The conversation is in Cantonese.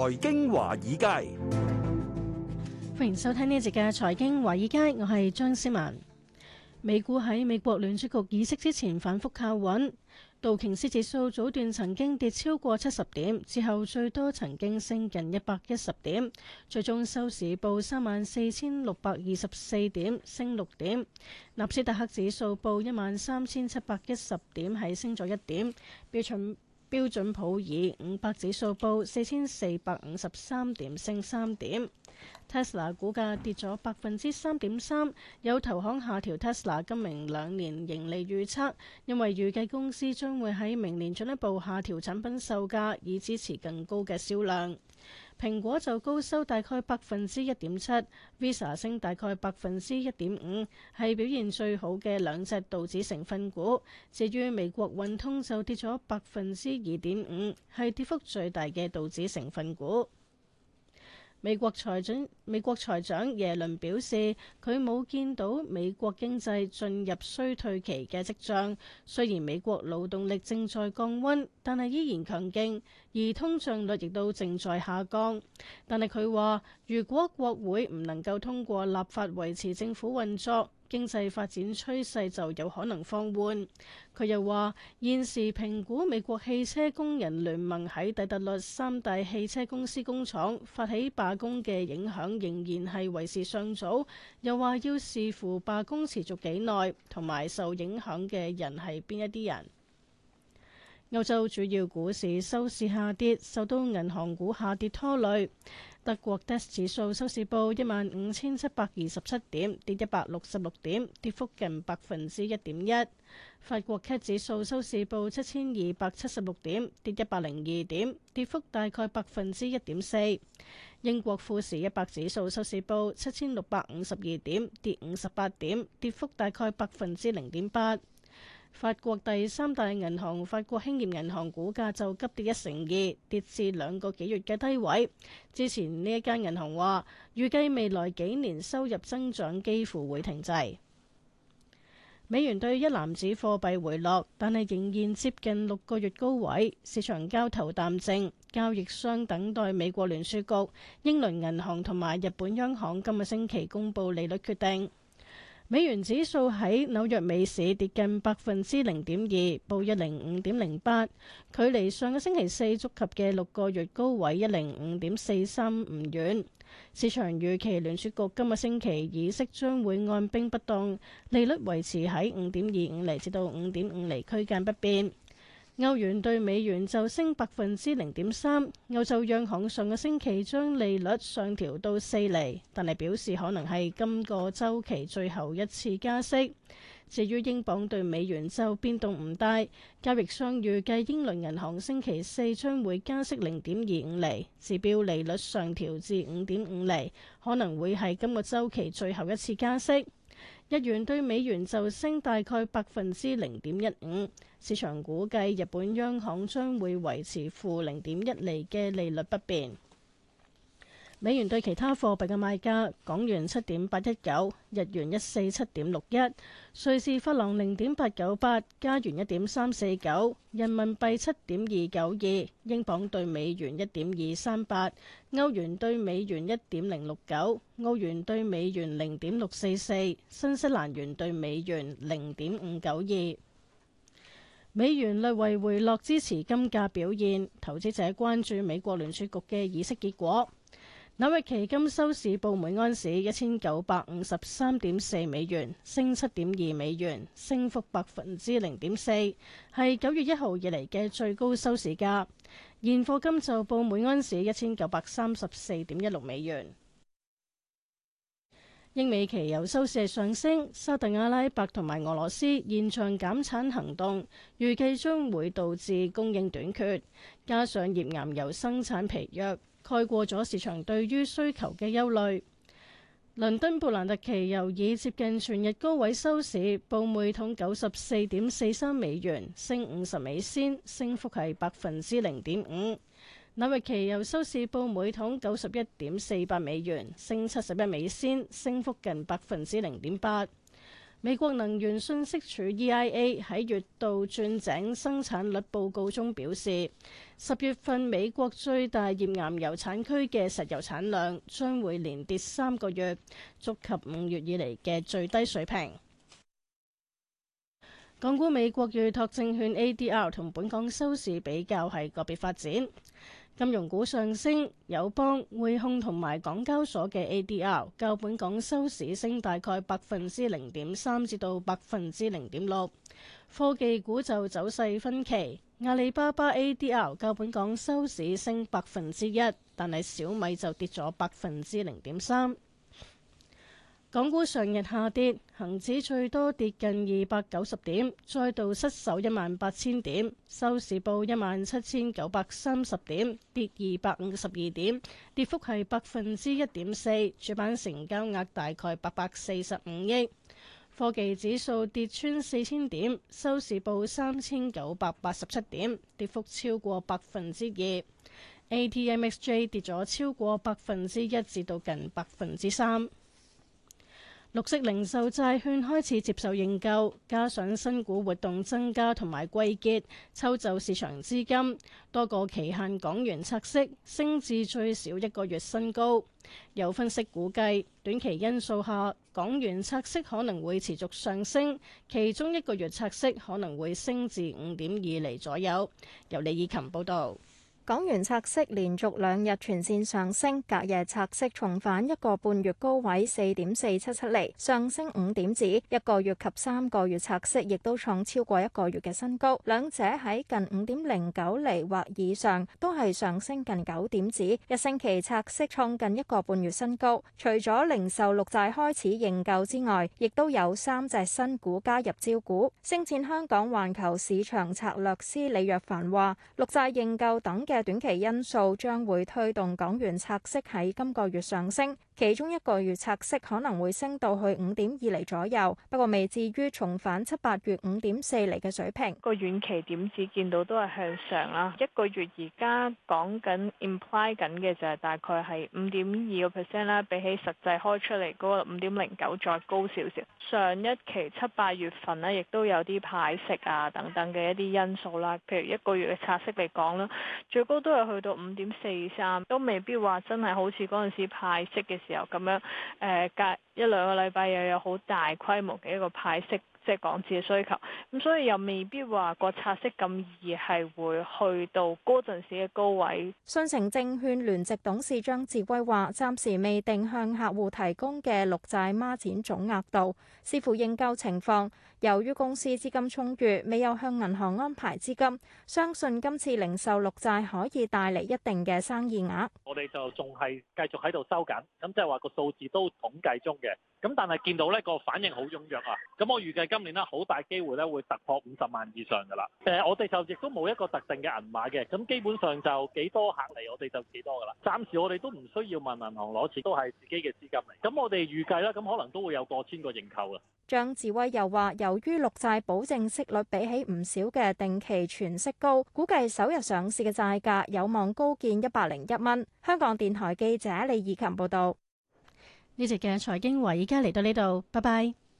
財經華爾街，歡迎收聽呢一節嘅財經華爾街，我係張思文。美股喺美國聯儲局議息之前反復靠穩，道瓊斯指數早段曾經跌超過七十點，之後最多曾經升近一百一十點，最終收市報三萬四千六百二十四點，升六點。納斯達克指數報一萬三千七百一十點，係升咗一點。標準標準普爾五百指數報四千四百五十三點，升三點。Tesla 股價跌咗百分之三點三，有投行下調 Tesla 今明兩年盈利預測，因為預計公司將會喺明年進一步下調產品售價，以支持更高嘅銷量。蘋果就高收大概百分之一點七，Visa 升大概百分之一點五，係表現最好嘅兩隻道指成分股。至於美國運通就跌咗百分之二點五，係跌幅最大嘅道指成分股。美國財長美國財長耶倫表示，佢冇見到美國經濟進入衰退期嘅跡象。雖然美國勞動力正在降溫，但係依然強勁，而通脹率亦都正在下降。但係佢話，如果國會唔能夠通過立法維持政府運作，經濟發展趨勢就有可能放緩。佢又話：現時評估美國汽車工人聯盟喺底特律三大汽車公司工廠發起罷工嘅影響，仍然係為時尚早。又話要視乎罷工持續幾耐，同埋受影響嘅人係邊一啲人。歐洲主要股市收市下跌，受到銀行股下跌拖累。德國 DAX 指數收市報一萬五千七百二十七點，跌一百六十六點，跌幅近百分之一點一。法國 CAC 指數收市報七千二百七十六點，跌一百零二點，跌幅大概百分之一點四。英國富時一百指數收市報七千六百五十二點，跌五十八點，跌幅大概百分之零點八。法國第三大銀行法國興業銀行股價就急跌一成二，跌至兩個幾月嘅低位。之前呢一間銀行話，預計未來幾年收入增長幾乎會停滯。美元兌一籃子貨幣回落，但係仍然接近六個月高位。市場交投淡靜，交易商等待美國聯儲局、英倫銀行同埋日本央行今個星期公布利率決定。美元指數喺紐約美市跌近百分之零點二，報一零五點零八，距離上個星期四觸及嘅六個月高位一零五點四三唔遠。市場預期聯儲局今個星期議息將會按兵不動，利率維持喺五點二五厘至到五點五厘區間不變。歐元對美元就升百分之零點三，歐洲央行上個星期將利率上調到四厘，但係表示可能係今個周期最後一次加息。至於英鎊對美元就變動唔大，交易商預計英倫銀行星期四將會加息零點二五厘，指標利率上調至五點五厘，可能會係今個周期最後一次加息。日元對美元就升大概百分之零點一五，市場估計日本央行將會維持負零點一釐嘅利率不變。美元對其他貨幣嘅賣價：港元七點八一九，日元一四七點六一，瑞士法郎零點八九八，加元一點三四九，人民幣七點二九二，英鎊對美元一點二三八，歐元對美元一點零六九，澳元對美元零點六四四，新西蘭元對美元零點五九二。美元略為回落，支持金價表現。投資者關注美國聯儲局嘅議息結果。紐約期金收市報每安士一千九百五十三點四美元，升七點二美元，升幅百分之零點四，係九月一號以嚟嘅最高收市價。現貨金就報每安士一千九百三十四點一六美元。英美期油收市上升，沙特阿拉伯同埋俄羅斯現場減產行動，預期將會導致供應短缺，加上頁岩油生產疲弱。蓋過咗市場對於需求嘅憂慮。倫敦布蘭特期油已接近全日高位收市，報每桶九十四點四三美元，升五十美仙，升幅係百分之零點五。紐約期油收市報每桶九十一點四八美元，升七十一美仙，升幅近百分之零點八。美國能源信息署 （EIA） 喺月度鑽井生產率報告中表示，十月份美國最大頁岩油產區嘅石油產量將會連跌三個月，觸及五月以嚟嘅最低水平。港股美國預託證券 ADR 同本港收市比較係個別發展。金融股上升，友邦、匯控同埋港交所嘅 ADR 較本港收市升大概百分之零點三至到百分之零點六。科技股就走勢分歧，阿里巴巴 ADR 較本港收市升百分之一，但係小米就跌咗百分之零點三。港股上日下跌，恒指最多跌近二百九十點，再度失守一萬八千點，收市報一萬七千九百三十點，跌二百五十二點，跌幅係百分之一點四。主板成交額大概八百四十五億。科技指數跌穿四千點，收市報三千九百八十七點，跌幅超過百分之二。ATMXJ 跌咗超過百分之一，至到近百分之三。綠色零售債券開始接受認購，加上新股活動增加同埋季結抽走市場資金，多個期限港元拆息升至最少一個月新高。有分析估計，短期因素下港元拆息可能會持續上升，其中一個月拆息可能會升至五點二厘左右。由李以琴報道。港元拆息連續兩日全線上升，隔夜拆息重返一個半月高位四點四七七厘，上升五點子。一個月及三個月拆息亦都創超過一個月嘅新高，兩者喺近五點零九厘或以上，都係上升近九點子。一星期拆息創近一個半月新高，除咗零售綠債開始認購之外，亦都有三隻新股加入招股。星展香港環球市場策略師李若凡話：綠債認購等嘅短期因素將會推動港元拆息喺今個月上升，其中一個月拆息可能會升到去五點二厘左右，不過未至於重返七八月五點四厘嘅水平。個遠期點子見到都係向上啦，一個月而家講緊 imply 緊嘅就係大概係五點二個 percent 啦，比起實際開出嚟嗰個五點零九再高少少。上一期七八月份呢，亦都有啲派息啊等等嘅一啲因素啦，譬如一個月嘅拆息嚟講啦。最高都係去到五點四三，都未必話真係好似嗰陣時派息嘅時候咁樣，誒、呃、隔一兩個禮拜又有好大規模嘅一個派息。即係港紙嘅需求，咁所以又未必話個拆息咁易係會去到嗰陣時嘅高位。信誠證券聯席董事張志威話：暫時未定向客戶提供嘅綠債孖展總額度，視乎應交情況。由於公司資金充裕，未有向銀行安排資金，相信今次零售綠債可以帶嚟一定嘅生意額。我哋就仲係繼續喺度收緊，咁即係話個數字都統計中嘅，咁但係見到呢個反應好踴躍啊，咁我預計。今年咧好大機會咧會突破五十萬以上㗎喇。誒、呃，我哋就亦都冇一個特定嘅銀碼嘅，咁基本上就幾多客嚟，我哋就幾多㗎喇。暫時我哋都唔需要問銀行攞錢，都係自己嘅資金嚟。咁我哋預計啦，咁可能都會有過千個認購啊。張志威又話，由於綠債保證息率比起唔少嘅定期存息高，估計首日上市嘅債價有望高見一百零一蚊。香港電台記者李怡琴報道：「呢集嘅財經華爾街，而家嚟到呢度，拜拜。